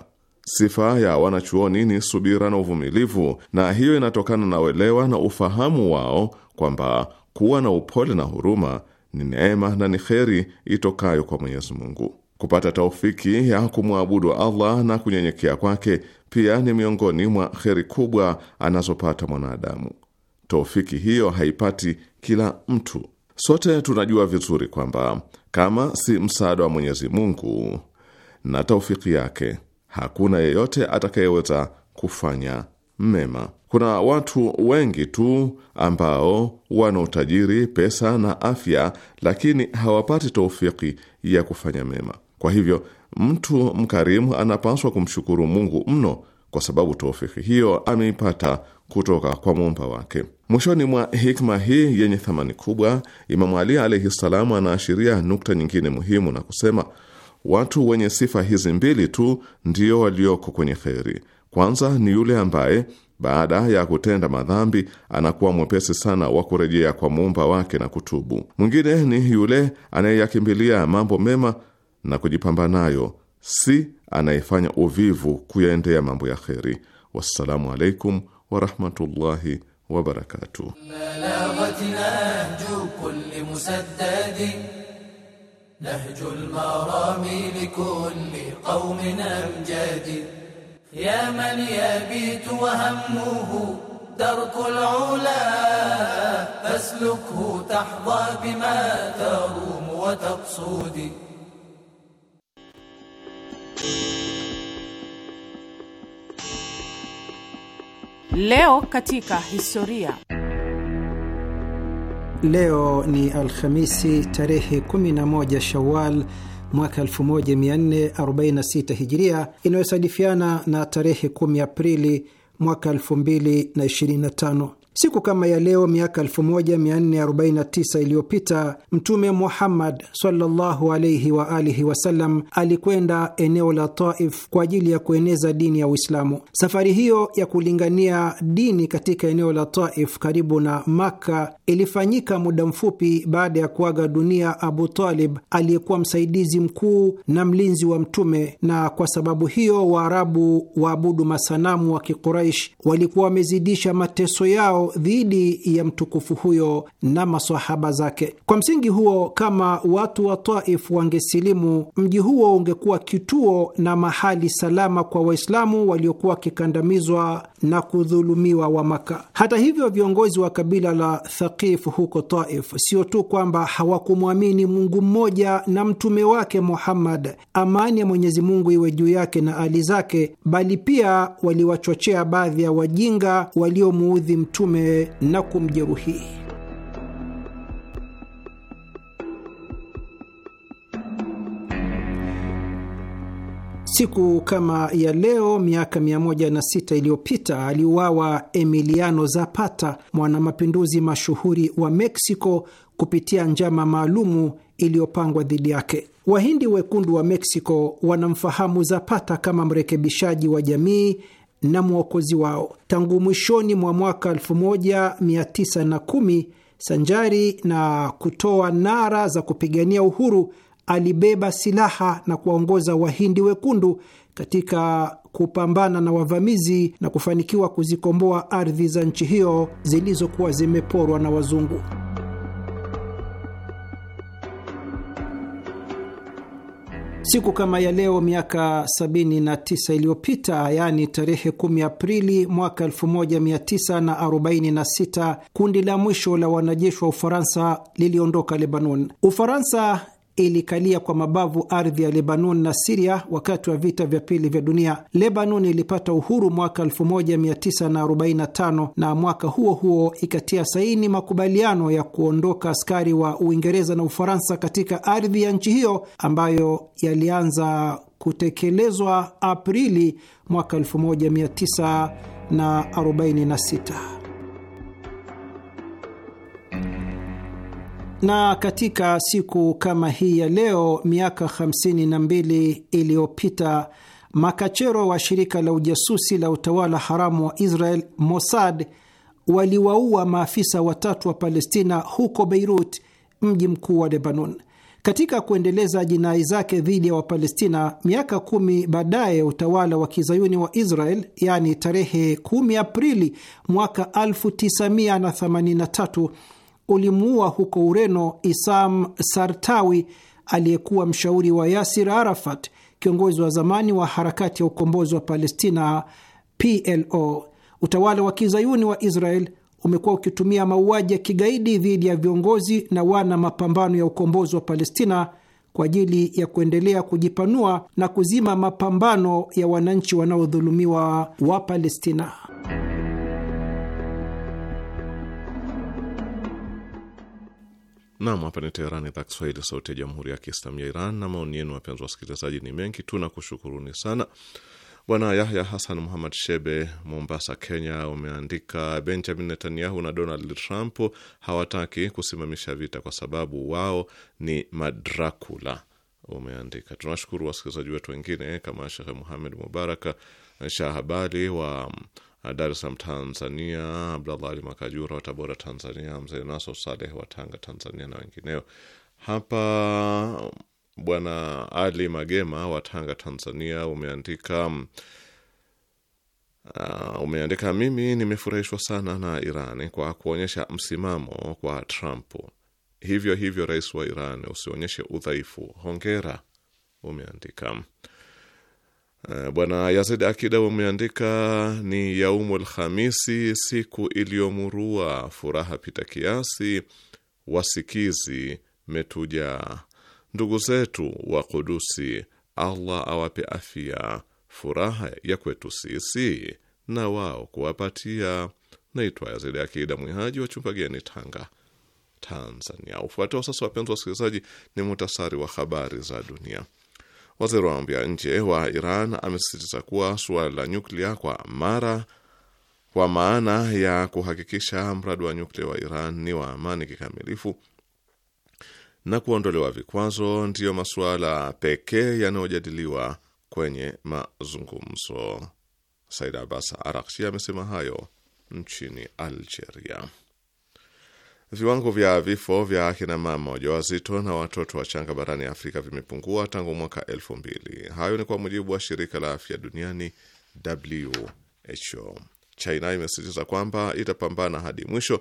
Sifa ya wanachuoni ni subira na uvumilivu, na hiyo inatokana na uelewa na ufahamu wao kwamba kuwa na upole na huruma ni neema na ni kheri itokayo kwa Mwenyezi Mungu. Kupata taufiki ya kumwabudu Allah na kunyenyekea kwake pia ni miongoni mwa kheri kubwa anazopata mwanadamu. Taufiki hiyo haipati kila mtu. Sote tunajua vizuri kwamba kama si msaada wa Mwenyezi Mungu na taufiki yake hakuna yeyote atakayeweza kufanya mema. Kuna watu wengi tu ambao wana utajiri, pesa na afya, lakini hawapati taufiki ya kufanya mema. Kwa hivyo mtu mkarimu anapaswa kumshukuru Mungu mno kwa sababu taufiki hiyo ameipata kutoka kwa muumba wake. Mwishoni mwa hikma hii yenye thamani kubwa, Imamu Ali alaihi ssalamu anaashiria nukta nyingine muhimu na kusema Watu wenye sifa hizi mbili tu ndio walioko kwenye kheri. Kwanza ni yule ambaye baada ya kutenda madhambi anakuwa mwepesi sana wa kurejea kwa muumba wake na kutubu. Mwingine ni yule anayeyakimbilia mambo mema na kujipamba nayo, si anayefanya uvivu kuyaendea mambo ya kheri. Wassalamu alaikum warahmatullahi wabarakatuh. نهج المرامي لكل قوم أمجاد يا من يبيت وهمه درك العلا فاسلكه تحظى بما تروم وتقصد Leo katika historia. Leo ni Alhamisi tarehe 11 Shawal mwaka 1446 Hijiria, inayosadifiana na tarehe 10 Aprili mwaka 2025. Siku kama ya leo miaka 1449 iliyopita Mtume Muhammad sallallahu wa alihi wasallam alikwenda eneo la Taif kwa ajili ya kueneza dini ya Uislamu. Safari hiyo ya kulingania dini katika eneo la Taif karibu na Makka ilifanyika muda mfupi baada ya kuaga dunia Abu Talib aliyekuwa msaidizi mkuu na mlinzi wa Mtume, na kwa sababu hiyo Waarabu waabudu masanamu wa Kiquraish walikuwa wamezidisha mateso yao dhidi ya mtukufu huyo na masahaba zake. Kwa msingi huo, kama watu wa Taif wangesilimu, mji huo ungekuwa kituo na mahali salama kwa Waislamu waliokuwa wakikandamizwa na kudhulumiwa wa Maka. Hata hivyo, viongozi wa kabila la Thaqif huko Taif sio tu kwamba hawakumwamini Mungu mmoja na mtume wake Muhammad, amani ya Mwenyezi Mungu iwe juu yake na ali zake, bali pia waliwachochea baadhi ya wajinga waliomuudhi mtume Mtume na kumjeruhi. Siku kama ya leo miaka 106 iliyopita aliuawa Emiliano Zapata, mwanamapinduzi mashuhuri wa Meksiko, kupitia njama maalumu iliyopangwa dhidi yake. Wahindi wekundu wa Meksiko wanamfahamu Zapata kama mrekebishaji wa jamii na mwokozi wao. Tangu mwishoni mwa mwaka 1910 sanjari na kutoa nara za kupigania uhuru, alibeba silaha na kuwaongoza Wahindi wekundu katika kupambana na wavamizi na kufanikiwa kuzikomboa ardhi za nchi hiyo zilizokuwa zimeporwa na wazungu. Siku kama ya leo miaka 79 iliyopita, yaani tarehe 10 Aprili mwaka 1946, kundi la mwisho la wanajeshi wa Ufaransa liliondoka Lebanon. Ufaransa ilikalia kwa mabavu ardhi ya Lebanon na Siria wakati wa vita vya pili vya dunia. Lebanon ilipata uhuru mwaka 1945 na mwaka huo huo ikatia saini makubaliano ya kuondoka askari wa Uingereza na Ufaransa katika ardhi ya nchi hiyo ambayo yalianza kutekelezwa Aprili mwaka 1946. Na katika siku kama hii ya leo miaka 52 iliyopita makachero wa shirika la ujasusi la utawala haramu wa Israel Mossad waliwaua maafisa watatu wa Palestina huko Beirut, mji mkuu wa Lebanon. Katika kuendeleza jinai zake dhidi ya Wapalestina, miaka kumi baadaye utawala wa kizayuni wa Israel, yaani tarehe 10 Aprili mwaka 1983 ulimuua huko Ureno Isam Sartawi aliyekuwa mshauri wa Yasir Arafat, kiongozi wa zamani wa harakati ya ukombozi wa Palestina PLO. Utawala wa kizayuni wa Israel umekuwa ukitumia mauaji ya kigaidi dhidi ya viongozi na wana mapambano ya ukombozi wa Palestina kwa ajili ya kuendelea kujipanua na kuzima mapambano ya wananchi wanaodhulumiwa wa Palestina. Nam, hapa ni Teherani, idhaa Kiswahili, sauti ya jamhuri ya kiislamu ya Iran. Na maoni yenu wapenzi wasikilizaji ni mengi, tunakushukuruni sana. Bwana Yahya Hasan Muhammad Shebe, Mombasa, Kenya, umeandika Benjamin Netanyahu na Donald Trump hawataki kusimamisha vita kwa sababu wao ni madrakula. Umeandika tunashukuru wasikilizaji wetu wengine kama Shehe Muhamed Mubaraka Shahabali wa Uh, Dar es Salaam Tanzania, Abdallah Ali Makajura wa Tabora Tanzania, Mzee Naso Saleh wa Tanga Tanzania na wengineo. Hapa Bwana Ali Magema wa Tanga Tanzania umeandika um, Uh, umeandika mimi nimefurahishwa sana na Iran kwa kuonyesha msimamo kwa Trump. Hivyo hivyo rais wa Iran usionyeshe udhaifu. Hongera, umeandika. Eh, Bwana Yazid Akida wameandika ni yaumu Alhamisi, siku iliyomurua furaha pita kiasi, wasikizi metuja ndugu zetu wa Kudusi, Allah awape afia, furaha ya kwetu sisi na wao kuwapatia. Naitwa Yazidi Akida, mwihaji wa chumba Tanga, Tanzania. Ufuatao sasa, wapenzi wasikilizaji, ni muhtasari wa habari za dunia. Waziri wa mambo ya nje wa Iran amesisitiza kuwa suala la nyuklia kwa mara kwa maana ya kuhakikisha mradi wa nyuklia wa Iran ni wa amani kikamilifu na kuondolewa vikwazo ndiyo masuala pekee yanayojadiliwa kwenye mazungumzo. Said Abbas Araghchi amesema hayo nchini Algeria. Viwango vya vifo vya akina mama wajawazito na watoto wachanga barani Afrika vimepungua tangu mwaka elfu mbili. Hayo ni kwa mujibu wa shirika la afya duniani WHO. China imesisitiza kwamba itapambana hadi mwisho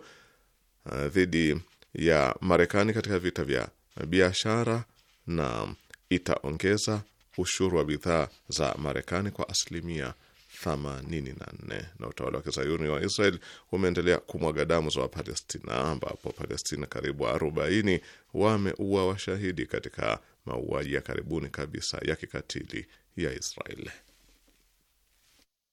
uh, dhidi ya Marekani katika vita vya biashara na itaongeza ushuru wa bidhaa za Marekani kwa asilimia 84 na utawala wa kizayuni wa Israel umeendelea kumwaga damu za Wapalestina, ambapo Palestina karibu 40 wameua washahidi katika mauaji ya karibuni kabisa ya kikatili ya Israel